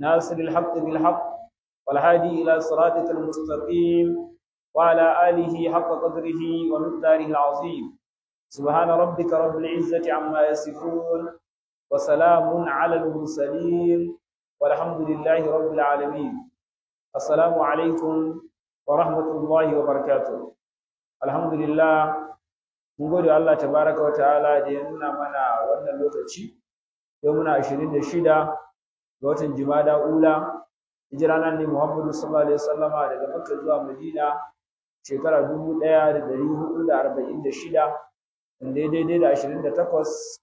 ناصر الحق بالحق والهادي إلى صراطك المستقيم وعلى آله حق قدره ومقداره العظيم سبحان ربك رب العزة عما يصفون وسلام على المرسلين والحمد لله رب العالمين السلام عليكم ورحمة الله وبركاته الحمد لله mun gode Allah tabaraka wa ta'ala da ya nuna mana wannan lokaci yau muna 26 ga watan jimada ula hijira nan ne muhammadu sallallahu alaihi wasallama daga makka zuwa madina shekara dubu ɗaya da ɗari hudu da arba'in da shida wanda daidai da ashirin da takwas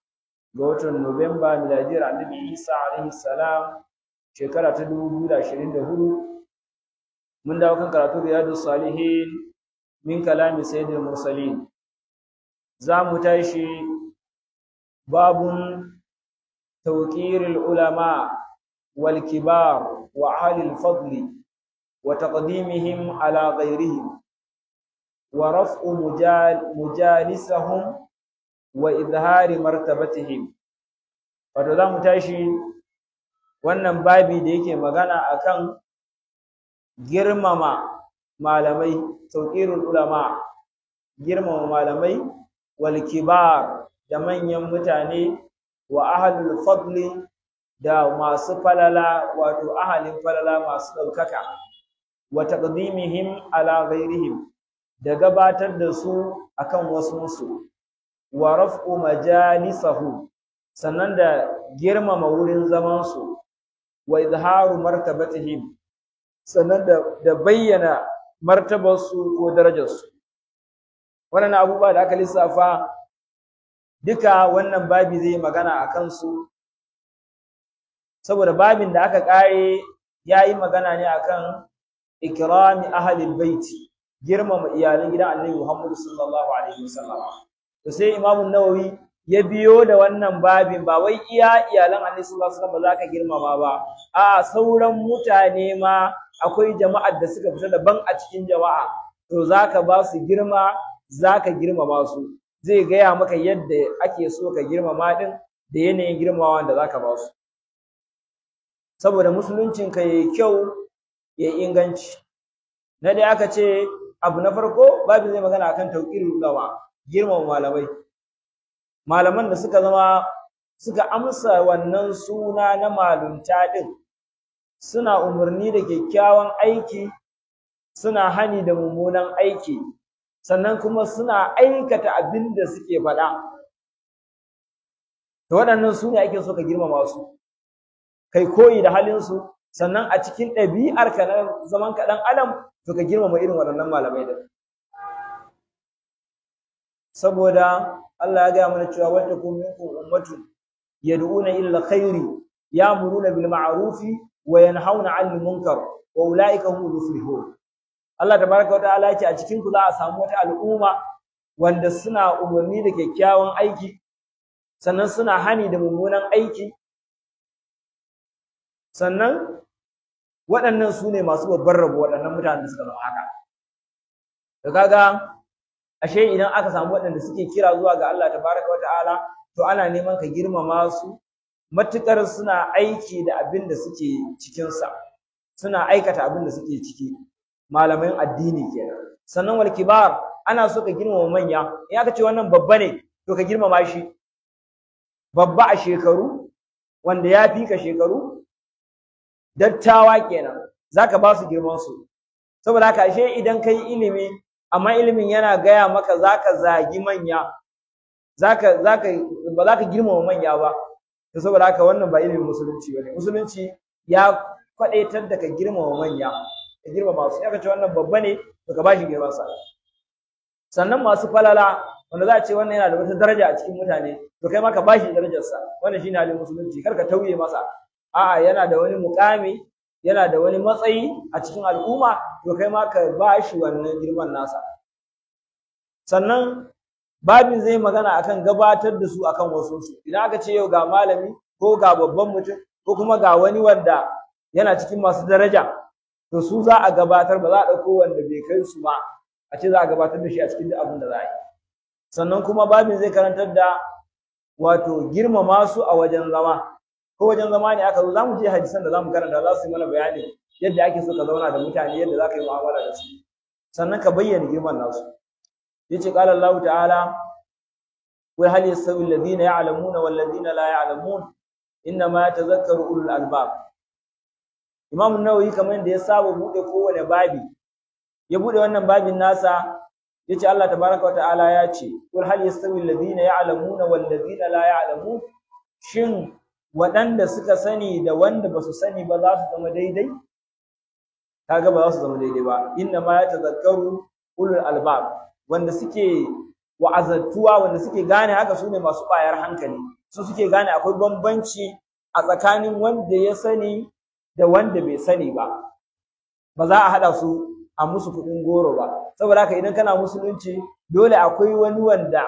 ga watan nuwamba miladiyar annabi isa alaihi salam shekara ta dubu biyu da ashirin da hudu mun dawo kan karatu riyadu salihin min kalami sayyidil mursalin za mu tashi babun tawqiril ulama والكبار wa الفضل وتقديمهم على غيرهم ورفع مجال مجالسهم وإظهار مرتبتهم mu tashi wannan babi da yake magana akan girmama malamai ulama girmama malamai wal kibar da manyan mutane wa ahlul fadli da masu falala wato ahalin falala masu ɗaukaka wa taqdimihim ala ghairihim da gabatar da su akan wasu wasunsu wa raf'u majalisahu sannan da girmama wurin zamansu wa izharu martabatihim sannan da, da bayyana martabarsu ko darajarsu wannan abubuwa da aka lissafa duka wannan babi zai magana a kansu saboda babin da aka kare ya yi magana ne akan ikrami ahlil baiti girmama iyalan gidan Annabi Muhammad sallallahu alaihi wasallam to sai imamu Nawawi ya biyo da wannan babin ba wai iya iyalan Annabi sallallahu alaihi wasallam ka girmama ba a sauran mutane ma akwai jama'ar da suka fita daban a cikin jama'a to zaka ba su girma zaka girmama su zai gaya maka yadda ake so ka girmama din da yanayin girmamawa da zaka ba su saboda musuluncinka ya yi kyau ya yi inganci na dai aka ce abu na farko babu zai magana kan tauƙirin gawa girmama malamai malaman da suka zama suka amsa wannan suna na malunta din suna umarni da kyakkyawan aiki suna hani da mummunan aiki sannan kuma suna aikata abin da suke faɗa to waɗannan su ake so ka girmama su kai koyi da halin su sannan a cikin ɗabi'arka na zaman ka ɗan adam to ka girmama irin waɗannan malamai da saboda Allah ya gaya mana cewa wata kun minkum ummatu yad'una illa khairi ya'muruna bil ma'rufi wa yanhauna 'anil munkar wa ulaika hum muflihun Allah tabaraka wa ta'ala yake a cikin ku za a samu wata al'umma wanda suna umarni da kyakkyawan aiki sannan suna hani da mummunan aiki sannan waɗannan su ne masu babbar rabo waɗannan mutanen da suka zama haka da kaga ashe idan aka samu waɗanda suke kira zuwa ga Allah tabaraka wata'ala to ana neman ka girmama su matukar suna aiki da abin da suke cikinsa suna aikata abin da suke ciki malamin addini kenan sannan wal kibar ana so ka girmama manya in aka ce wannan babba ne to ka girmama shi babba a shekaru wanda ya fika shekaru dattawa kenan zaka ba su girman su saboda haka ashe idan kai ilimi amma ilimin yana gaya maka zaka zagi manya zaka zaka ba zaka girmama manya ba to saboda haka wannan ba ilimin musulunci bane musulunci ya kwadaitar da ka girmama manya ka girmama su ya ce wannan babba ne to ka bashi girman sa sannan masu falala wanda za a ce wannan yana da wata daraja a cikin mutane to kai ma ka bashi darajar sa wannan shine halin musulunci kar ka tauye masa a'a yana da wani mukami yana da wani matsayi a cikin al'umma to kai ma ka ba shi wannan girman nasa sannan babin zai magana akan gabatar da su akan wasu su idan aka ce yau ga malami ko ga babban mutum ko kuma ga wani wanda yana cikin masu daraja to su za a gabatar ba za a ɗauko wanda bai kai su ba a ce za a gabatar da shi a cikin duk abin da za a yi sannan kuma babin zai karantar da wato girmama su a wajen zama ko wajen zama ne aka zo za mu je hadisan da za mu karanta za su yi mana bayani yadda ake so ka zauna da mutane yadda za ka yi mu'amala da su sannan ka bayyana girman nasu Ya ce qala Allah ta'ala wa hal yasawi alladhina ya'lamuna wal ladina la ya'lamun inma yatazakkaru ulul albab Imam Nawawi kamar da ya saba bude kowane babi ya bude wannan babin nasa yace Allah tabaraka wa ta'ala ya ce qul hal yastawi alladhina ya'lamuna wal ladina la ya'lamun shin waɗanda suka sani da wanda ba su sani ba za su zama daidai kaga ba za su zama daidai ba inna ma yatazakkaru ulul albab wanda suke wa'azattuwa wanda suke gane haka su ne masu bayar hankali su suke gane akwai bambanci a tsakanin wanda ya sani da wanda bai sani ba ba za a hada su a musu kuɗin goro ba saboda haka idan kana musulunci dole akwai wani wanda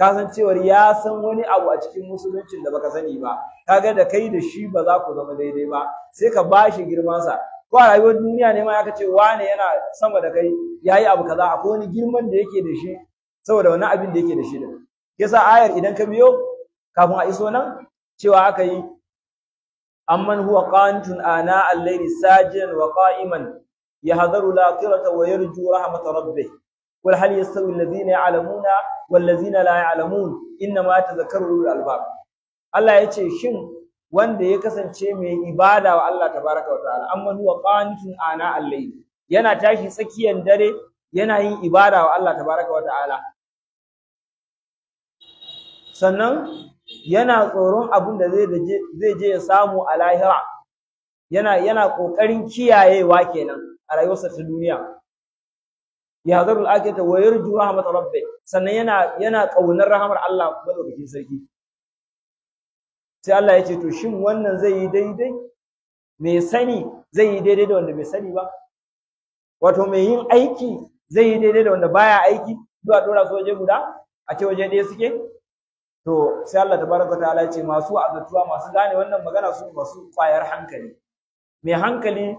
Kasan san cewar ya san wani abu a cikin musuluncin da baka sani ba Ka ga da kai da shi ba za ku zama daidai ba sai ka bashi sa. ko a rayuwar duniya ne ma yaka ce wane yana sama da kai yayi abu kaza akwai wani girman da yake da shi saboda wani abin da yake da shi din yasa ayar idan ka biyo kafin a iso nan cewa aka yi amman huwa qanitun ana al-layli sajidan wa qa'iman yahdharu al-akhirata wa yarju rahmata rabbih wal hal yastawi allazina ya'lamuna wal ladzina la ya'lamun inna ma tadhakkaru ulul albab Allah ya ce shin wanda ya kasance mai ibada wa Allah tabaraka wa ta'ala amma huwa qanitun ana al-layl yana tashi tsakiyar dare yana yin ibada wa Allah tabaraka wa ta'ala sannan yana tsoron abin da zai zai je ya samu a lahira yana yana kokarin kiyayewa kenan a rayuwarsa ta duniya zarul akita wa yarju rahmat rabbi sannan yana yana kaunar rahmar Allah madaukakin sarki sai Allah ya ce to shin wannan zai yi daidai mai sani zai yi daidai da wanda bai sani ba wato mai yin aiki zai yi daidai da wanda baya aiki zuwa dora su waje guda a ce waje ɗaya suke to sai Allah tabaraka ta ya ce masu azatuwa masu gane wannan magana su masu kwayar hankali mai hankali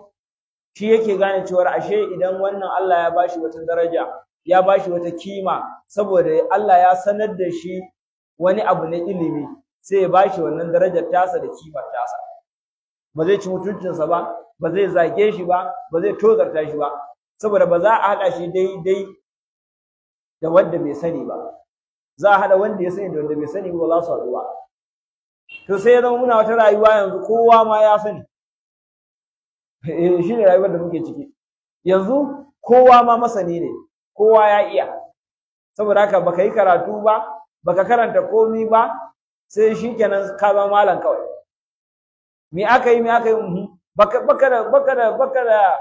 shi yake gane cewa ashe idan wannan Allah ya bashi wata daraja ya bashi wata kima saboda Allah ya sanar da shi wani abu na ilimi sai ya bashi wannan darajar tasa da kima tasa ba zai ci mutuncinsa ba ba zai zage shi ba ba zai tozarta shi ba saboda ba za a haɗa shi daidai da wanda bai sani ba za a haɗa wanda ya sani da wanda bai sani ba za su haɗu ba to sai ya zama muna wata rayuwa yanzu kowa ma ya sani eh shine rayuwar da muke ciki yanzu kowa ma masani ne kowa ya iya saboda haka baka yi karatu ba baka karanta komi ba sai shikenan ka zama malam kawai me aka yi me aka yi mhm. baka baka da baka da baka da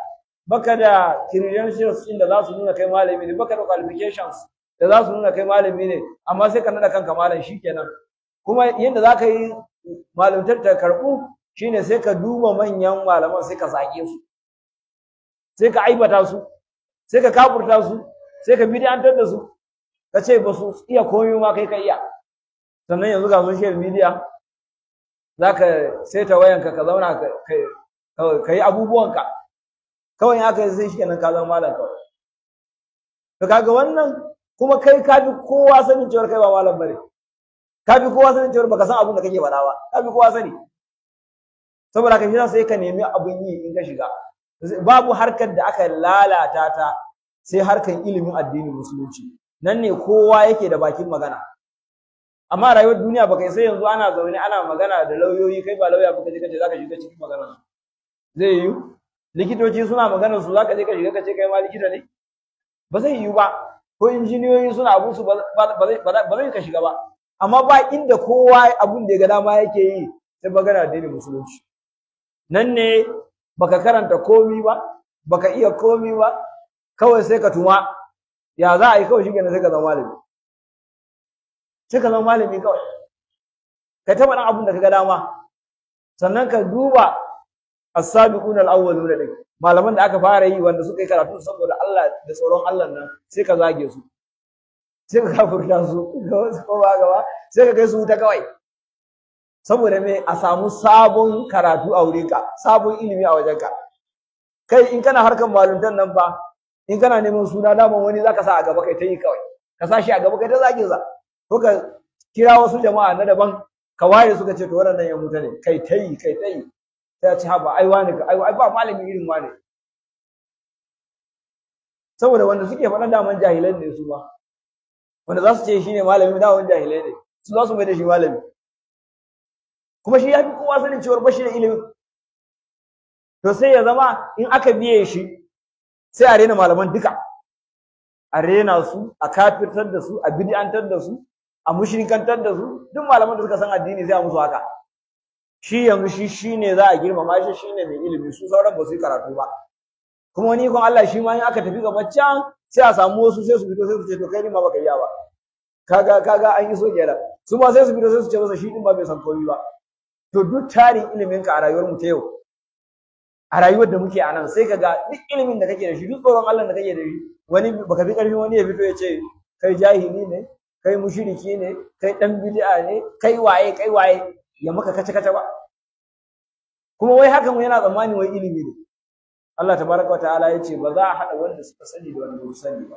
baka da credentials din da za su nuna kai malami ne baka da qualifications da za su nuna kai malami ne amma sai ka nada kanka malam shikenan kuma yadda za ka yi malamtar ta karbu shine sai ka duba manyan malaman sai ka zage su sai ka aibata su sai ka kafurta su sai ka bid'antar da su ka ce ba su iya komai ma kai ka iya sannan yanzu ga social media zaka saita wayanka ka zauna ka yi abubuwanka kawai in aka yi sai shikenan ka zama malam kawai to kaga wannan kuma kai ka bi kowa sanin cewar kai ba malam bane ka bi kowa sanin cewar baka san abin da kake faɗa ba ka bi kowa sani saboda ka shi sai ka nemi abin yi in ka shiga babu harkar da aka lalata ta sai harkar ilimin addinin musulunci nan ne kowa yake da bakin magana amma rayuwar duniya baka sai yanzu ana zaune ana magana da lauyoyi kai ba lauya baka je kace zaka shiga cikin magana zai yi likitoci suna magana su zaka je ka shiga kace kai ma likita ne ba zai yi ba ko injiniyoyi suna abun su ba zai ka shiga ba amma ba inda kowa abun da ya ga dama yake yi sai magana addinin musulunci nan ne baka karanta komi ba baka iya komi ba kawai sai ka tuma ya za a yi kawai shi sai ka zama malami sai ka zama malami kawai ka taɓa ɗan abin da ka ga dama sannan ka duba as-sabiqun al-awwaluna dai malaman da aka fara yi wanda suka yi karatu saboda Allah da tsoron Allah nan sai ka zage su sai ka kafurta su ga wasu ko ba gaba sai ka kai su wuta kawai saboda me a samu sabon karatu a ka, sabon ilimi a wajen ka. kai in kana harkar maluntan nan ba in kana neman suna daman wani zaka sa a gaba kai ta yi kawai ka sa shi a gaba kai ta zage za ko ka kira wasu jama'a na daban ka ware suka ce to wannan ya mutu ne kai ta yi kai ta yi sai ce haba ai wani ka ai ba malami irin wani saboda wanda suke faɗa daman jahilai ne su ba wanda za su ce shi ne malami da jahilai ne su za su mai da shi malami kuma shi ya fi kowa sanin cewar bashi da ilimi to sai ya zama in aka biye shi sai a rena malaman duka a rena su a kafirtar da su a bid'antar da su a mushrikantar da su duk malaman da suka san addini sai a musu haka shi yanzu shi shine za a girmama shi shine mai ilimi su sauran ba su yi karatu ba kuma wani kun Allah shi ma in aka tafi gaba can sai a samu wasu sai su fito sai su ce to kai ni ma baka yi ba kaga kaga an yi so kenan su ma sai su fito sai su ce masa shi din ba mai san ba to duk tarin ilimin ka a rayuwar mu ta yau a rayuwar da muke a nan sai ka ga duk ilimin da kake da shi duk tsoron Allah da kake da shi wani baka fi karfin wani ya fito ya ce kai jahili ne kai mushriki ne kai dan bid'a ne kai waye kai waye ya maka kace kace ba kuma wai hakan yana tsammani wai ilimi ne Allah tabaraka wataala ya ce ba za a hada wanda suka sani da wanda ba sani ba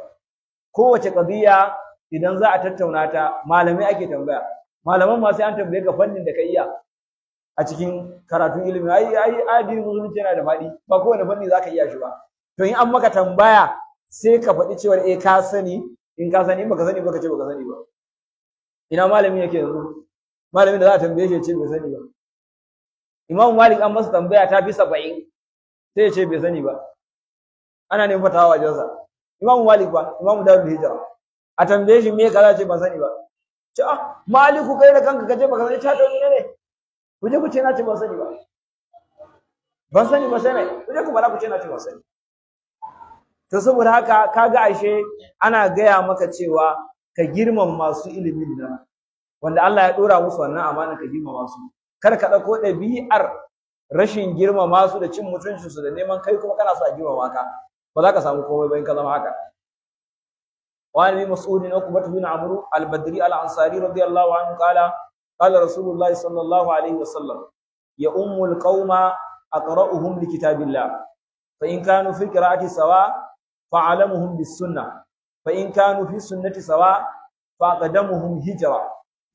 kowace qadiya idan za a tattauna ta malamai ake tambaya malaman ma sai an tambaye ka fannin da ka iya a cikin karatun ilimi ai ai adini musulunci yana da faɗi ba kowane fanni zaka iya shi ba to in an maka tambaya sai ka faɗi cewa eh ka sani in ka sani in baka sani baka ce baka sani ba ina malami yake yanzu malamin da za a tambaye shi ya ce bai sani ba Imam Malik an masa tambaya ta fi 70 sai ya ce bai sani ba ana neman fatawa wajensa Imam Malik ba Imam Darul Hijra a tambaye shi me kaza ce ba sani ba ce ah Maliku kai da kanka kace baka sani ta ah, to ne Kuje ku ce na ce ban sani ba ban sani ba sai ne ku ku bala ku ce na ce ban sani to saboda haka kaga ashe ana gaya maka cewa ka girman masu ilimin nan wanda Allah ya dora musu wannan amana ka girmama su kar ka dauko ɗabi'ar rashin girmama su da cin mutuncin su da neman kai kuma kana so a girmama ka ba za ka samu komai ba in ka zama haka وعن ابي مسعود عقبة بن عمرو البدري الانصاري رضي الله عنه قال قال رسول الله صلى الله عليه وسلم يؤم القوم أقرأهم لكتاب الله فإن كانوا في قراءة سواء فعلمهم بالسنة فإن كانوا في السنة سواء فأقدمهم هجرة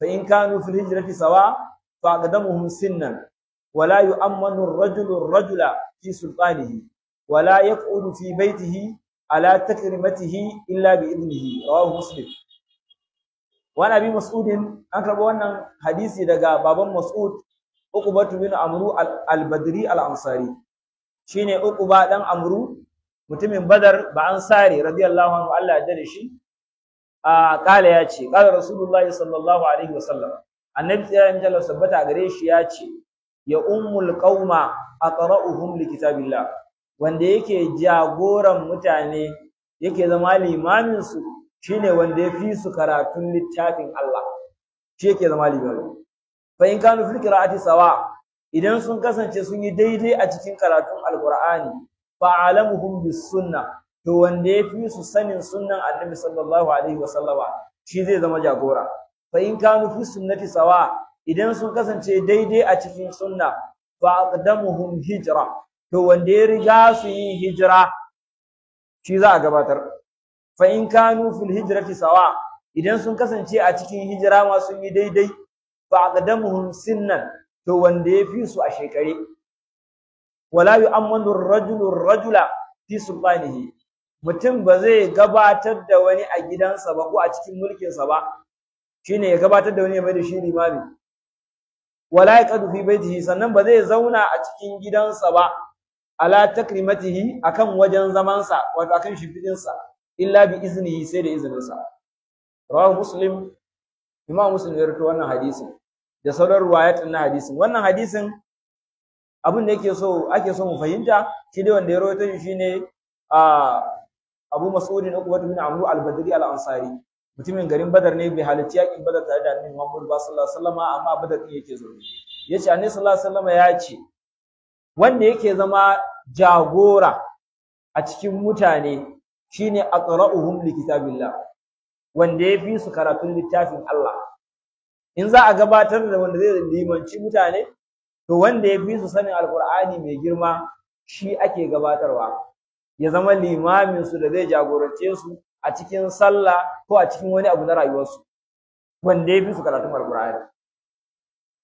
فإن كانوا في الهجرة سواء فأقدمهم سنا ولا يؤمن الرجل الرجل في سلطانه ولا يقعد في بيته على تكرمته إلا بإذنه رواه مسلم wani abin mas'udin an karɓi wannan hadisi daga baban mas'ud uqubatu bin amru al-badri al-ansari shine uquba dan amru mutumin badar ba ansari radiyallahu anhu Allah ya dare shi a kala ya ce kala rasulullahi sallallahu alaihi wasallam annabi ya yi jalla sabbata gare shi ya ce ya ummul qauma aqra'uhum kitabillah wanda yake jagoran mutane yake zama limamin su shine wanda ya fi su karatun littafin Allah shi yake zama limami fa in kanu fil qira'ati sawa idan sun kasance sun yi daidai a cikin karatun alqur'ani fa alamuhum bis sunna to wanda ya fi su sanin sunnan annabi sallallahu alaihi wasallama shi zai zama jagora fa in kanu fi sunnati sawa idan sun kasance daidai a cikin sunna fa aqdamuhum hijra to wanda ya riga su yi hijira shi za a gabatar fa in kanu fil hijrati sawa idan sun kasance a cikin hijira ma sun yi daidai fa aqdamuhum sinnan to wanda ya fi su a shekare wala yu'ammanu ar-rajulu ar-rajula fi sulbanihi mutum ba zai gabatar da wani a gidansa ba ko a cikin mulkinsa ba shine ya gabatar da wani ya da shi limami wala yaqadu fi baitihi sannan ba zai zauna a cikin gidansa ba ala takrimatihi akan wajen zamansa wato akan sa illa bi iznihi sai da izininsa rawahu muslim imam muslim ya rawaito wannan hadisin da sauran ruwayatin na hadisin wannan hadisin abin da yake so ake so mu fahimta shi dai wanda ya rawaito shi shine a Abu Mas'ud ibn Uqbah ibn Amr al-Badri al-Ansari mutumin garin Badar ne bai halarci yakin Badar tare da Annabi Muhammad sallallahu alaihi wasallam amma Badar din yake zo yace Annabi sallallahu alaihi wasallam ya ce wanda yake zama jagora a cikin mutane shine aqra'uhum li kitabillah wanda ya fi su karatun littafin Allah in za a gabatar da wanda zai limanci mutane to wanda ya fi su sanin alqur'ani mai girma shi ake gabatarwa ya zama limamin su da zai jagorance su a cikin sallah ko a cikin wani abu na rayuwarsu wanda ya fi su karatun alqur'ani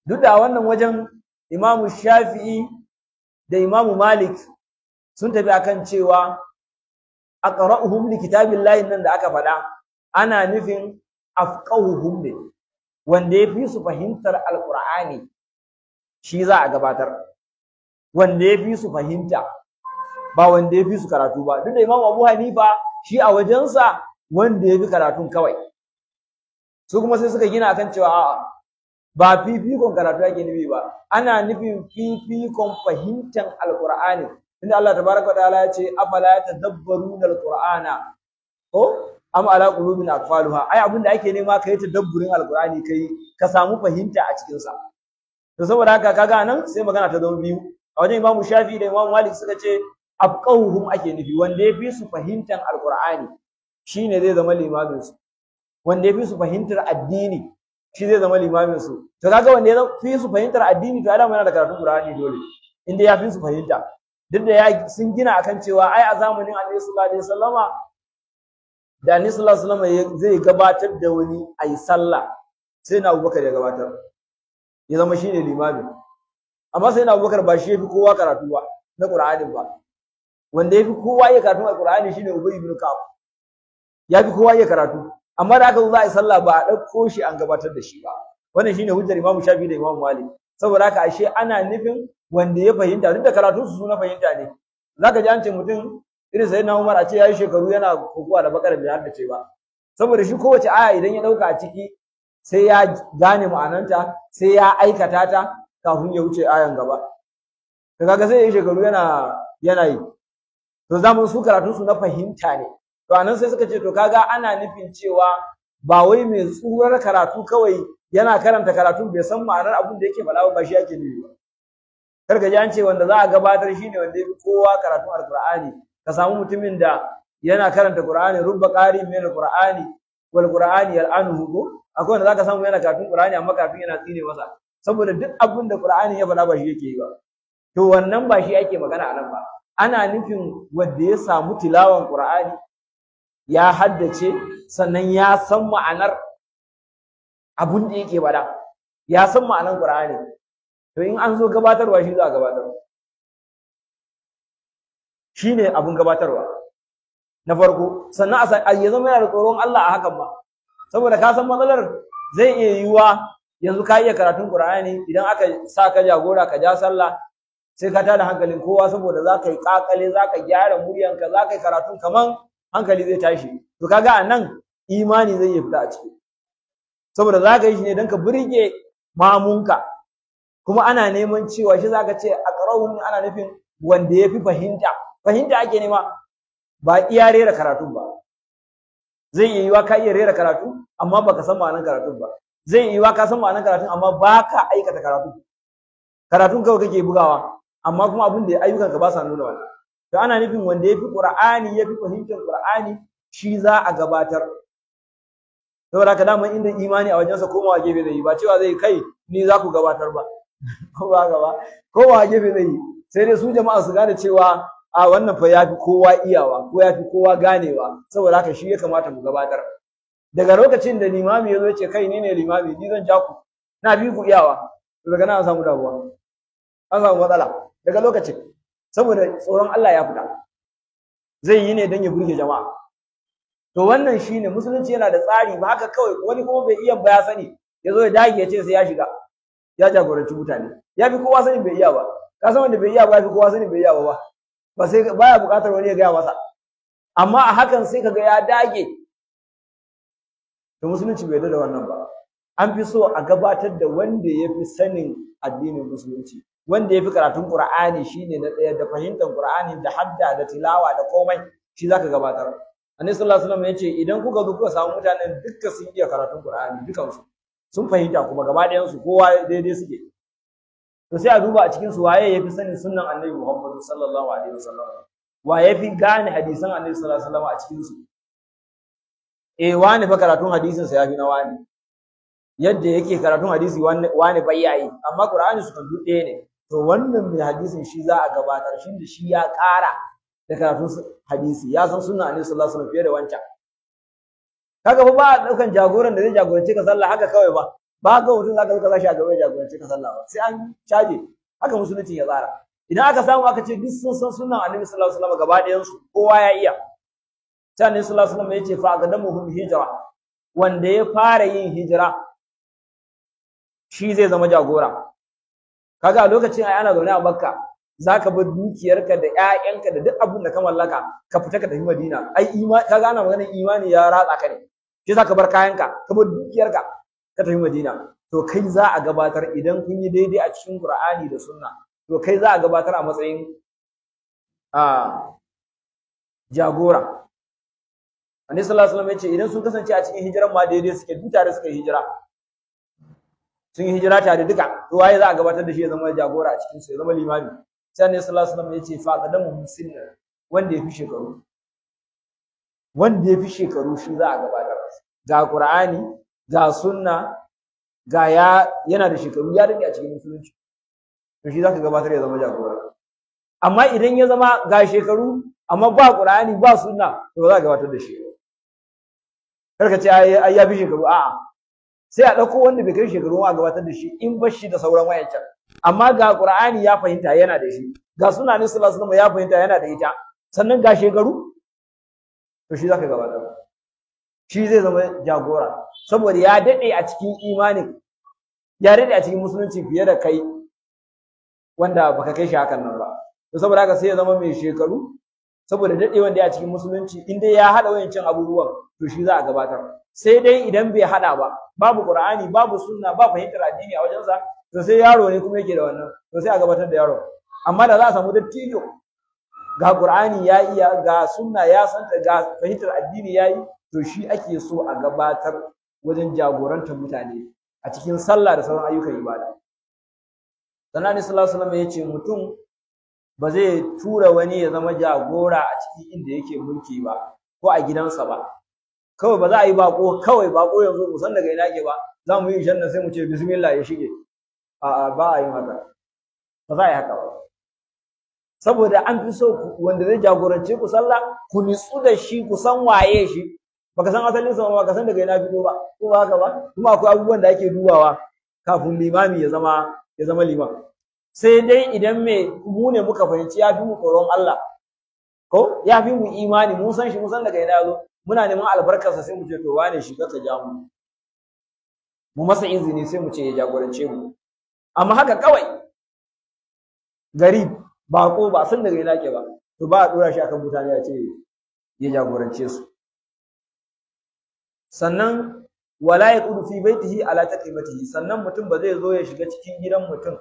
duk da wannan wajen imamu shafi'i da imamu malik sun tafi akan cewa aqra'uhum li kitabillahi nan da aka faɗa ana nufin afqahuhum ne wanda ya fi su fahimtar alqur'ani shi za a gabatar wanda ya fi su fahimta ba wanda ya fi su karatu ba duk da Imam Abu Hanifa shi a wajensa wanda ya fi karatun kawai su kuma sai suka gina akan cewa a'a ba fifikon karatu ake nufi ba ana nufin fifikon fahimtar alqur'ani inda Allah tabaraka wa ta'ala ya ce afala yatadabbaruna alqur'ana ko am ala qulubin aqfaluha ai abin da ake nema kai tadabburin alqur'ani kai ka samu fahimta a cikin sa to saboda haka kaga nan sai magana ta zama biyu a wajen Imam Shafi da Imam Malik suka ce afqahuhum ake nufi wanda ya fi su fahimtar alqur'ani shine zai zama limamin su wanda ya fi su fahimtar addini shi zai zama limamin su to kaga wanda ya fi su fahimtar addini to ya dama yana da karatun qur'ani dole inda ya fi su fahimta duk da sun gina akan cewa ai a zamanin annabi sallallahu alaihi wasallama da ni sallallahu alaihi wasallama zai gabatar da wani ai sallah sai na Abubakar ya gabatar ya zama shine limami amma sai na Abubakar ba shi yafi kowa karatu ba na Qur'ani ba wanda yafi kowa ya karatu Qur'ani shine Ubay ibn Ka'ab yafi kowa ya karatu amma da aka zo za a yi sallah ba a ɗauko shi an gabatar da shi ba wannan shine hujjar Imam Shafi da Imam Malik saboda haka ashe ana nufin wanda ya fahimta duk da karatun su na fahimta ne zaka ji an ce mutum irin sai na Umar a ce yayi shekaru yana kokuwa da bakar bai ce ba saboda shi kowace aya idan ya dauka a ciki sai ya gane ma'ananta sai ya aikata ta kafin ya wuce ayan gaba to kaga sai yayi shekaru yana yana yi to zamu su karatun su na fahimta ne to anan sai suka ce to kaga ana nufin cewa ba wai mai tsurar karatu kawai yana karanta karatun bai san ma'anar abin da yake faɗa ba shi yake nufi ba karka ji an ce wanda za a gabatar shine wanda yafi kowa karatun alqur'ani ka samu mutumin da yana karanta qur'ani rubba qari min alqur'ani wal qur'ani yal'anuhu ko akwai wanda zaka samu yana karatun qur'ani amma kafin yana tsine masa saboda duk abin da qur'ani ya faɗa ba shi yake yi ba to wannan ba shi ake magana anan ba ana nufin wanda ya samu tilawan qur'ani ya haddace sannan ya san ma'anar abin da yake faɗa ya san ma'anar qur'ani to in an zo gabatarwa shi za a gabatar shi ne abin gabatarwa na farko sannan a ya zama yana da tsoron Allah a hakan ba saboda ka san matsalar zai iya yiwuwa yanzu ka iya karatun Qur'ani idan aka sa ka jagora ka ja sallah sai ka tada hankalin kowa saboda za ka yi kakale za ka gyara muryanka za ka yi karatun kaman hankali zai tashi to kaga a nan imani zai iya fita a ciki saboda za ka yi shi ne don ka burge mamunka kuma ana neman cewa shi zaka ce aqra'uhum ana nufin wanda yafi fahimta fahimta ake nema ba iya rera karatu ba zai iya wa ka iya rera karatu amma baka san ma'anar karatu ba zai iya wa ka san ma'anar karatu amma baka aikata karatu karatun kawai kake bugawa amma kuma abin da ayyukan ka ba sa nuna wannan to ana nufin wanda yafi qur'ani yafi fahimtar qur'ani shi za a gabatar saboda haka daman inda imani a wajensa komawa gefe zai yi ba cewa zai kai ni za ku gabatar ba ko ba gaba kowa gefe zai yi sai dai su jama'a su gane cewa a wannan fa yafi kowa iyawa ko yafi kowa ganewa saboda haka shi ya kamata mu gabatar daga lokacin da limami ya zo ya ce kai ni ne limami ni zan ja ku na bi ku iyawa daga nan an samu damuwa an samu matsala daga lokacin saboda tsoron Allah ya fita zai yi ne don ya burge jama'a to wannan shine musulunci yana da tsari ba haka kawai wani kuma bai iya ba ya sani ya zo ya dage ya ce sai ya shiga ya jagoranci mutane ya fi kowa sanin bai iya ba ka san wanda bai iya ba ya fi kowa sanin bai iya ba ba sai baya buƙatar wani ya gaya masa amma a hakan sai kaga ya dage to musulunci bai da wannan ba an fi so a gabatar da wanda ya fi sanin addinin musulunci wanda ya fi karatun qur'ani shine na ɗaya da fahimtar qur'ani da hadda da tilawa da komai shi zaka gabatar annabi sallallahu alaihi wasallam yace idan kuka zo kuka samu mutanen dukkan sun iya karatun qur'ani dukansu sun fahimta kuma gaba ɗayan su kowa daidai suke to sai a duba a cikin su waye yafi sanin sunnan annabi Muhammad sallallahu alaihi wasallam wa yafi gane hadisan annabi sallallahu alaihi wasallam a cikin su eh wani fa karatun hadisin sa yafi na wani yadda yake karatun hadisi wani bai yayi amma Qur'ani su kan duɗe ne to wannan mai hadisin shi za a gabatar shi da shi ya ƙara da karatun hadisi ya san sunnan annabi sallallahu alaihi wasallam fiye da wancan kaga fa ba a daukan jagoran da zai jagorance ka sallah haka kawai ba ba ga mutum zaka zuka zashi a gaba jagoranci ka sallah ba sai an caje haka musulunci ya tsara idan aka samu aka ce duk sun san sunan annabi sallallahu alaihi wasallam gaba ɗayan su kowa ya iya ta ne sallallahu alaihi wasallam ya ce damu hum hijra wanda ya fara yin hijira shi zai zama jagora kaga a lokacin ai ana zaune a makka zaka bar dukiyarka da ƴaƴanka da duk abin da ka mallaka ka fita ka tafi madina ai kaga ana maganar imani ya ratsa ka ne shi za ka bar kayanka ka bar dukiyarka ka tafi madina to kai za a gabatar idan kun yi daidai a cikin qur'ani da sunna to kai za a gabatar a matsayin a jagora annabi sallallahu alaihi wasallam ya ce idan sun kasance a cikin hijiran ma daidai suke duk tare suka yi hijira sun yi hijira tare duka to waye za a gabatar da shi ya zama jagora a cikin su ya zama limami sai annabi sallallahu alaihi wasallam ya ce fa qadamu musinna wanda ya fi shekaru wanda ya fi shekaru shi za a gabatar ga qur'ani ga sunna ga ya yana da shekaru ya dade a cikin musulunci to shi ka gabatar ya zama jagora amma idan ya zama ga shekaru amma ba qur'ani ba sunna to ba za ka gabatar da shi Kar ka ce ai ya fi shekaru a'a sai a ɗauko wanda bai kai shekaru a gabatar da shi in bar shi da sauran wayancan amma ga qur'ani ya fahimta yana da shi ga ne sallallahu alaihi ya fahimta yana da ita sannan ga shekaru to shi zaka gabatar shi zai zama jagora saboda ya dade a cikin imanin ya dade a cikin musulunci fiye da kai wanda baka kai shi hakan nan ba to saboda haka sai ya zama mai shekaru saboda dade wanda ya cikin musulunci in dai ya hada wayancin abubuwan to shi za a gabatar sai dai idan bai hada ba babu qur'ani babu sunna ba fahimtar addini a wajensa to sai yaro ne kuma yake da wannan to sai a gabatar da yaro amma da za a samu dattijo ga Qur'ani ya yi ga sunna ya ta ga fahimtar addini ya yi to shi ake so a gabatar wajen jagorantar mutane a cikin sallah da sauran ayyukan ibada sanani sallallahu alaihi wasallam ce mutum ba zai tura wani ya zama jagora a cikin inda yake mulki ba ko a gidansa ba kawai ba za a yi bako kawai bako yanzu mu daga ina ke ba za mu yi shanna sai mu ce bismillah ya shige a'a ba a yi haka ba za a yi haka ba saboda an fi so wanda zai jagorance ku sallah ku nitsu da shi ku san waye shi baka san asalin sa ba ka san daga ina fito ba ko ba haka ba kuma akwai abubuwan da ake dubawa kafin limami ya zama ya zama liman sai dai idan me mu ne muka fahimci ya fi mu tsoron Allah ko ya fi mu imani mun san shi mun san daga ina zo muna neman albarkarsa sai mu ce to wane shi ka ja mu mu masa izini sai mu ce ya jagorance mu amma haka kawai garib bako ba san daga ina ke ba to ba a dora shi akan mutane a ce ya jagorance su sannan wala kudu fi baitihi ala taqimatihi sannan mutum ba zai zo ya shiga cikin gidan mutum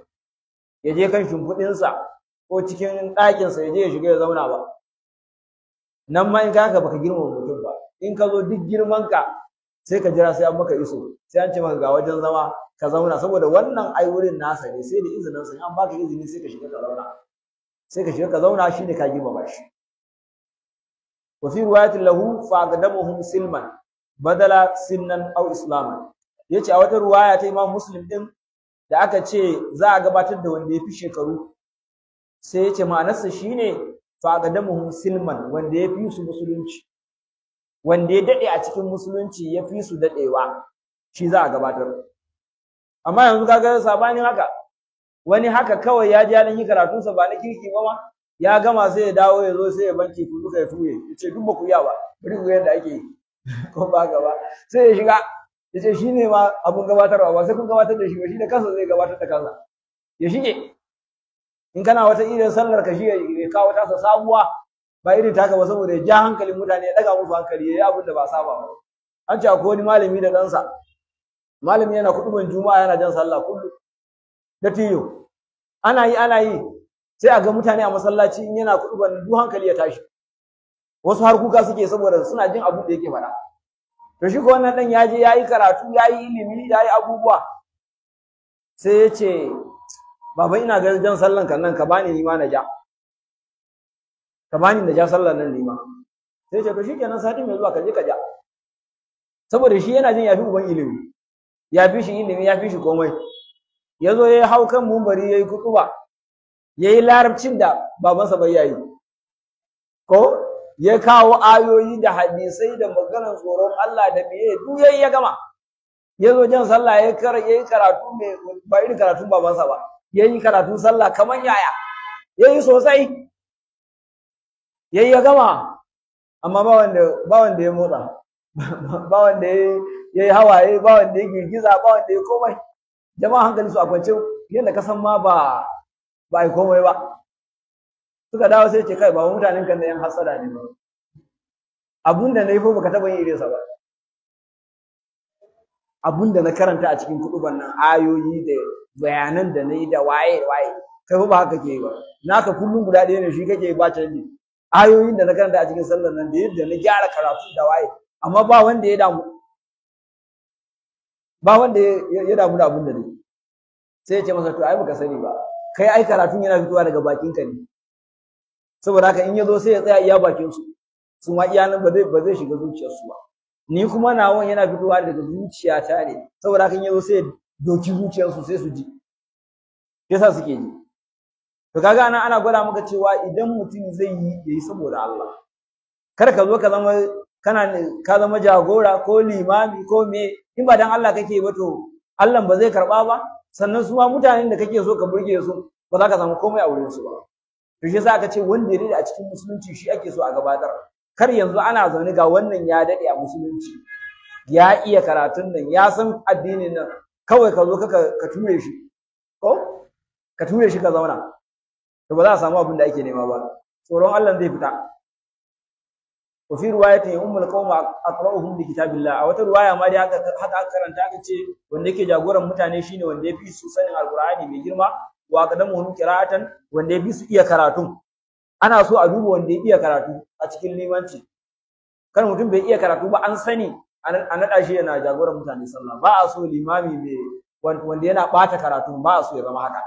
ya je kan shimfudin sa ko cikin ɗakin sa ya je ya shiga ya zauna ba nan ma in ka haka baka girma mutum ba in ka zo duk girman ka sai ka jira sai an maka iso sai an ce maka ga wajen zama ka zauna saboda wannan ai wurin nasa ne sai da izinin sa an baka izini sai ka shiga ka zauna sai ka shiga ka zauna shi ne ka girmama shi wa fi riwayatin lahu fa'adamuhum silman badala sinnan aw islaman yace a wata riwaya ta Imam Muslim din da aka ce za a gabatar da wanda ya fi shekaru sai yace ma'anarsa shi shine fa'adamuhum silman wanda ya fi su musulunci wanda ya daɗe a cikin musulunci ya fi su daɗewa, shi za a gabatar amma yanzu kaga sabanin haka wani haka kawai ya ji yanin yi karatunsa ba na kirki ba ma ya gama sai ya dawo ya zo sai ya banke ku duka ya tuye ya ce duk ba ku yawa ba bari ku yadda ake yi ko ba gaba sai ya shiga ya ce shi ne ma abun gabatarwa ba sai kun gabatar da shi ba shi da kansa zai gabatar da kansa ya shige in kana wata irin sallar ka shi ya kawo tasa sabuwa ba irin taka ba saboda ya ja hankalin mutane ya daga musu hankali ya yi abin da ba saba ba an ce akwai wani malami da ɗansa malami yana kuɗuban juma'a yana jan sallah kullum da tiyo ana yi ana yi sai a ga mutane a masallaci in yana kuɗi du hankali ya tashi wasu har kuka suke saboda suna jin abu da yake faɗa to shi ko wannan dan ya je ya yi karatu ya yi ilimi ya yi abubuwa sai ya ce baba ina ganin jan sallan kan nan ka bani ni ma na ja ka bani na ja sallan nan ni ma sai ya ce to shikenan sati mai zuwa ka je ka ja saboda shi yana jin yafi uban ilimi yafi shi ilimi yafi shi komai ya zo ya hau kan mumbari ya yi kutuba ya yi larabcin da babansa bai yayi ko ya kawo ayoyi da hadisai da maganar tsoron Allah da meye duk yayi ya gama ya zo jan sallah ya yi karatu mai ba irin karatun babansa ba ya yi karatun sallah kaman yaya ya yi sosai ya yi ya gama amma ba wanda ya motsa ba wanda ya yi hawaye ba wanda ya girgiza ba wanda ya komai jama hankali su a kwance yadda ka san ma ba ba yi komai ba suka dawo sai ce kai ba mutanen kan da yan hasada ne ba abun da na yi fa baka taba yin irinsa ba abun da na karanta a cikin kuduban nan ayoyi da bayanan da na yi da waye waye kai fa ba haka ke ba naka kullum guda ɗaya ne shi kake ba canji ayoyin da na karanta a cikin sallar nan da yadda na gyara karatu da waye amma ba wanda ya damu ba wanda ya damu da abin da dai sai ya ce masa to ai baka sani ba kai ai karatun yana fitowa daga bakin ka ne saboda haka in ya zo sai ya tsaya iya bakin su su ma iya nan ba zai ba zai shiga zuciyarsu ba ni kuma nawon yana fitowa daga ta ne saboda haka in ya zo sai ya doki zuciyarsu sai su ji yasa suke ji to kaga nan ana gwada maka cewa idan mutum zai yi yayi saboda Allah kar ka zo ka zama kana ka zama jagora ko limami ko me in ba dan Allah kake ba to Allah ba zai karba ba sannan su ma mutanen da kake so ka burge su ba za ka samu komai a wurin su ba to shi yasa aka ce wanda ya a cikin musulunci shi ake so a gabatar kar yanzu ana zaune ga wannan ya dade a musulunci ya iya karatun nan ya san addinin nan kawai ka zo ka ture shi ko ka ture shi ka zauna to ba za a samu abin da ake nema ba tsoron Allah zai fita wa fi riwayatin ummul qaum aqra'uhum li kitabillah a wata riwaya ma dai haka haka aka karanta aka ce wanda yake jagoran mutane shine wanda yafi su sanin alqur'ani mai girma wa aqdamuhum qira'atan wanda yafi su iya karatu ana so a duba wanda ya iya karatu a cikin limanci Kan mutum bai iya karatu ba an sani a naɗa shi yana jagoran mutane sallah ba a so limami mai wanda yana ɓata karatu ba a so ya zama haka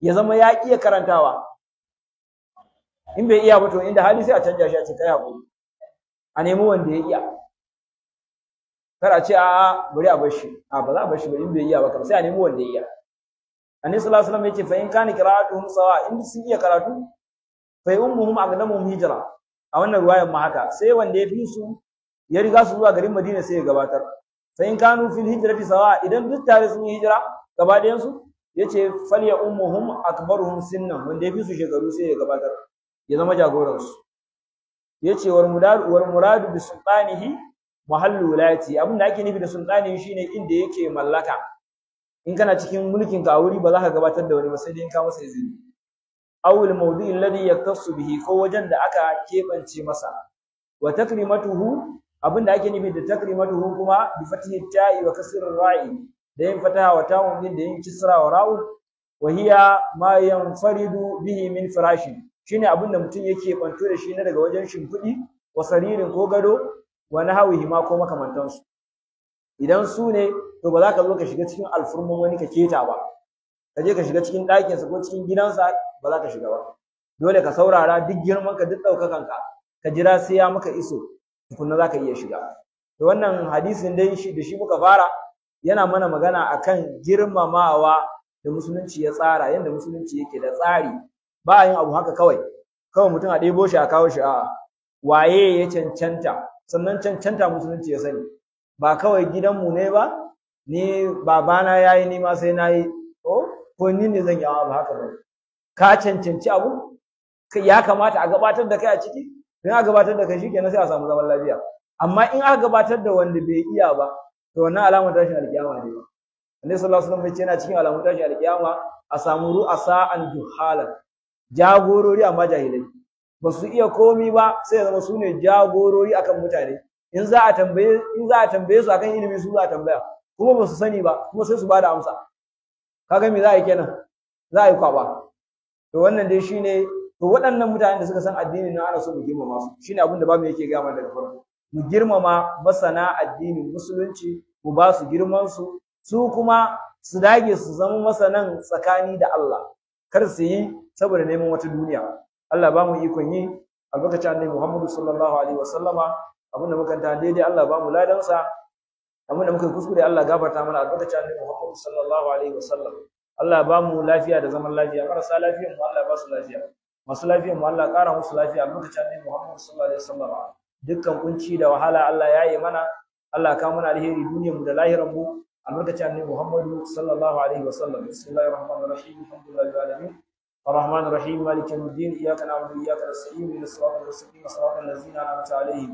ya zama ya iya karantawa in bai iya ba to inda hali sai a canja shi a ce kai hakuri a nemi wanda ya iya kar a ce a'a bari a bar shi a ba za a bar shi ba in bai iya ba kam sai a nemi wanda ya iya annabi sallallahu alaihi wasallam yace fa in kana qira'atuhum sawa in sun iya karatu fa ummuhum aqdamuhum hijra a wannan ruwayar ma haka sai wanda ya fi su ya riga su zuwa garin Madina sai ya gabatar fa in kanu fil hijrati sawa idan duk tare sun yi hijira gaba ɗayan su yace fal ya ummuhum akbaruhum sinnan wanda ya fi su shekaru sai ya gabatar ya zama jagoran su yace war mudar war muradu bi sultanihi mahallu wilayati abin da ake nufi da sultanihi shine inda yake mallaka in kana cikin mulkin ka a wuri ba za ka gabatar da wani ba sai dai in ka masa izini awul mawdi alladhi yaktasu bihi ko wajen da aka kebance masa wa takrimatuhu abin da ake nufi da takrimatuhu kuma bi fatihi ta'i wa kasr ra'i da yin fataha wa ta'un din da yin kisra wa ra'u wa hiya ma yanfaridu bihi min firashin shine abin da mutum yake banto da shi na daga wajen shimfiɗi wa saririn ko gado wa nahawihi ma ko makamantansu idan su ne to ba za ka zo ka shiga cikin alfurmun wani ka keta ba ka je ka shiga cikin ɗakinsa ko cikin gidansa ba za ka shiga ba dole ka saurara duk girman ka duk ɗaukakanka ka jira sai ya maka iso tukunna za ka iya shiga to wannan hadisin dai shi da shi muka fara yana mana magana akan girmamawa da musulunci ya tsara yadda musulunci yake da tsari ba a yin abu haka kawai kawai mutum a ɗebo shi a kawo shi a waye ya cancanta sannan cancanta musulunci ya sani ba kawai gidanmu ne ba ni babana ya yi nima sai na yi ko ni ne zan yi ba haka ba ka cancanci abu ya kamata a gabatar da kai a ciki don a gabatar da kai shi kenan sai a samu zaman lafiya amma in a gabatar da wanda bai iya ba to wannan alamar tashin alkiyama ne ba annabi sallallahu alaihi wasallam ya ce yana cikin alamun tashin alkiyama a samu ru'asa an duhalan jagorori amma jahilai ba su iya komi ba sai ya zama su ne jagorori akan mutane in za a tambaye in za a tambaye su akan ilimi su za a tambaya kuma ba su sani ba kuma sai su bada amsa kaga me za a yi kenan za a yi kwaba to wannan dai shine to waɗannan mutanen da suka san addini na ana su mu girmama su shine abin da babu yake ga mana daga farko mu girmama masana addinin musulunci mu ba su girman su su kuma su dage su zama masanan tsakani da Allah kar su yi saboda neman wata duniya Allah ba mu ikon yi albakaci annabi Muhammadu sallallahu alaihi wasallama abinda muka ta daidai Allah ba mu ladan sa da muka kuskure Allah gafarta mana albakaci annabi Muhammadu sallallahu alaihi wasallam Allah ba mu lafiya da zaman lafiya marasa lafiya mu Allah ba su lafiya masu lafiya mu Allah kara musu lafiya albakaci annabi Muhammadu sallallahu alaihi wasallama dukkan kunci da wahala Allah ya yi mana Allah ka muna alheri duniyar mu da lahirar mu albakaci annabi Muhammadu sallallahu alaihi wasallam bismillahir rahmanir rahim alhamdulillahi rabbil alamin الرحمن الرحيم مالك يوم الدين إياك نعبد وإياك نستعين اهدنا الصراط المستقيم صراط الذين أنعمت عليهم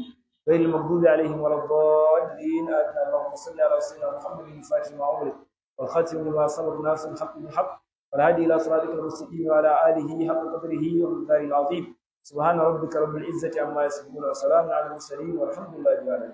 غير المغضوب عليهم ولا الضالين آمين اللهم صل على سيدنا محمد بن ما أمرك والخاتم لما سبق الناس الحق بالحق والهادي إلى صراطك المستقيم وعلى آله حق قدره ومقداره العظيم سبحان ربك رب العزة عما يصفون وسلام على المرسلين والحمد لله رب العالمين